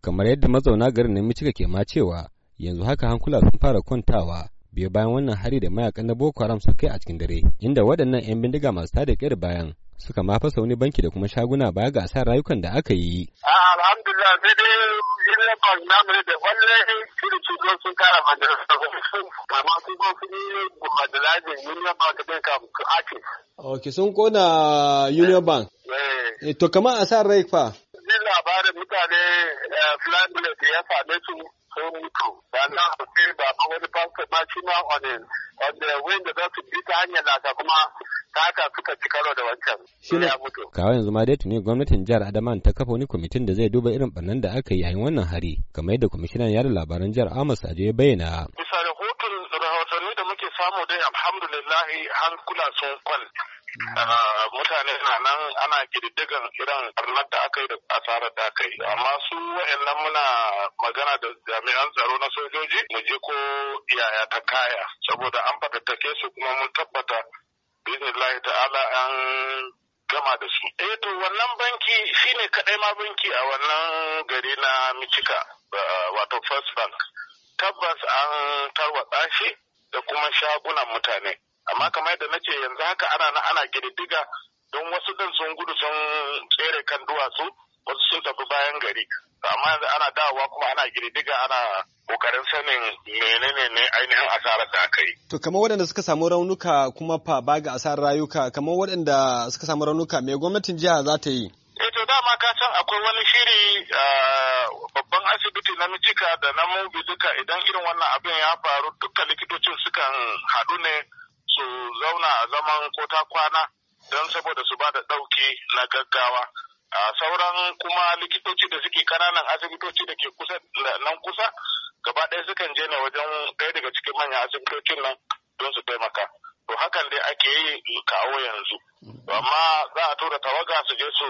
kamar yadda mazauna garin na Michigan ke ma cewa yanzu haka hankula sun fara kwantawa biyo bayan wannan hari da mayakan na Boko Haram suka kai a cikin dare inda waɗannan 'yan bindiga masu tada kyar bayan suka ma fasa wani banki da kuma shaguna baya ga asar rayukan da aka yi. Alhamdulillah sai dai jirgin ba su namu da wani shiri cutar sun kara majalisa amma sun zo sun yi majalajin Union Bank din kafin ake. Ok sun kona Union Bank. Eh. Eh, to kamar asar rai fa. mutane da eh, ya same su sun mutu hafi ba baba wani fasta ma shi ma onin wanda da za su bi ta hanyar nasa kuma ta haka suka ci karo da wancan shi ne kawai yanzu ma dai tuni gwamnatin jihar adaman ta kafa wani kwamitin da zai duba irin barnan da aka yi yayin wannan hari kamar yadda kwamishinan yada labaran jihar amos aje ya bayyana bisa rahoton rahotanni da muke samu dai alhamdulillahi kula sun kwal Ah, mutane na nan ana kididdigan irin karnar da aka yi da asarar da aka yi amma su wa'annan muna magana da jami'an tsaro na sojoji mu je ko yaya ta kaya saboda an fatattake su kuma mun tabbata bisnillahi ta'ala an gama da su eh to wannan banki shine kadai ma banki a wannan gari na Michika ah, wato First Bank tabbas an tarwatsa shi da kuma shagunan mutane amma kamar yadda nace yanzu haka ana na ana girdiga don wasu din sun gudu sun tsere kan duwatsu wasu sun tafi bayan gari amma yanzu ana dawowa kuma ana girdiga ana kokarin sanin menene ne ainihin asarar da aka yi. To kamar waɗanda suka samu raunuka kuma fa baga asarar rayuka kamar waɗanda suka samu raunuka me gwamnatin jiha za ta yi? Eh to dama ka san akwai wani shiri ah, babban asibiti na Mijika da na Mubi duka idan irin wannan abin ya faru duka likitocin sukan haɗu ne su zauna a zaman ko ta kwana don saboda su ba da ɗauki na gaggawa. A sauran kuma likitoci da suke kananan asibitoci da ke kusa nan kusa gaba ɗaya sukan je ne wajen ɗaya daga cikin manyan asibitocin nan don su taimaka. To hakan dai ake yi kawo yanzu. Amma za a tura tawaga su je su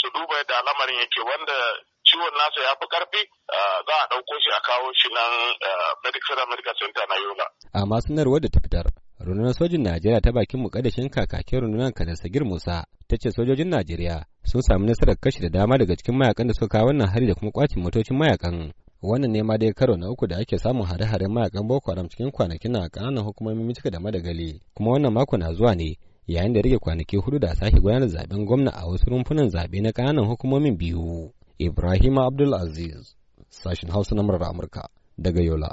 su duba yadda lamarin yake wanda ciwon nasa ya fi karfi za a ɗauko shi a kawo shi nan medical center na yola. A masu sanarwar da ta fitar rundunar sojin Najeriya ta bakin mukaddashin kakakin rundunar Kanar Sagir Musa ta ce sojojin Najeriya sun samu nasarar kashi da dama daga cikin mayakan da suka kawo wannan hari da kuma kwacin motocin mayakan. Wannan ne ma dai karo na uku da ake samun hare-haren mayakan Boko Haram cikin kwanakin a kananan hukumomin Mitika da Madagali kuma wannan mako na zuwa ne yayin da rage kwanaki hudu da sake gudanar zaben gwamna a wasu rumfunan zabe na kananan hukumomin biyu. Ibrahim Abdul Aziz, sashen Hausa na Amurka daga Yola.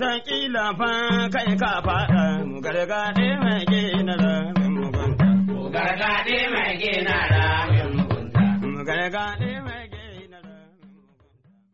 watakila fa kai ka faɗa mu gargaɗe mai gina da mugunta. Mu gargaɗe mai gina da mugunta. Mu gargaɗe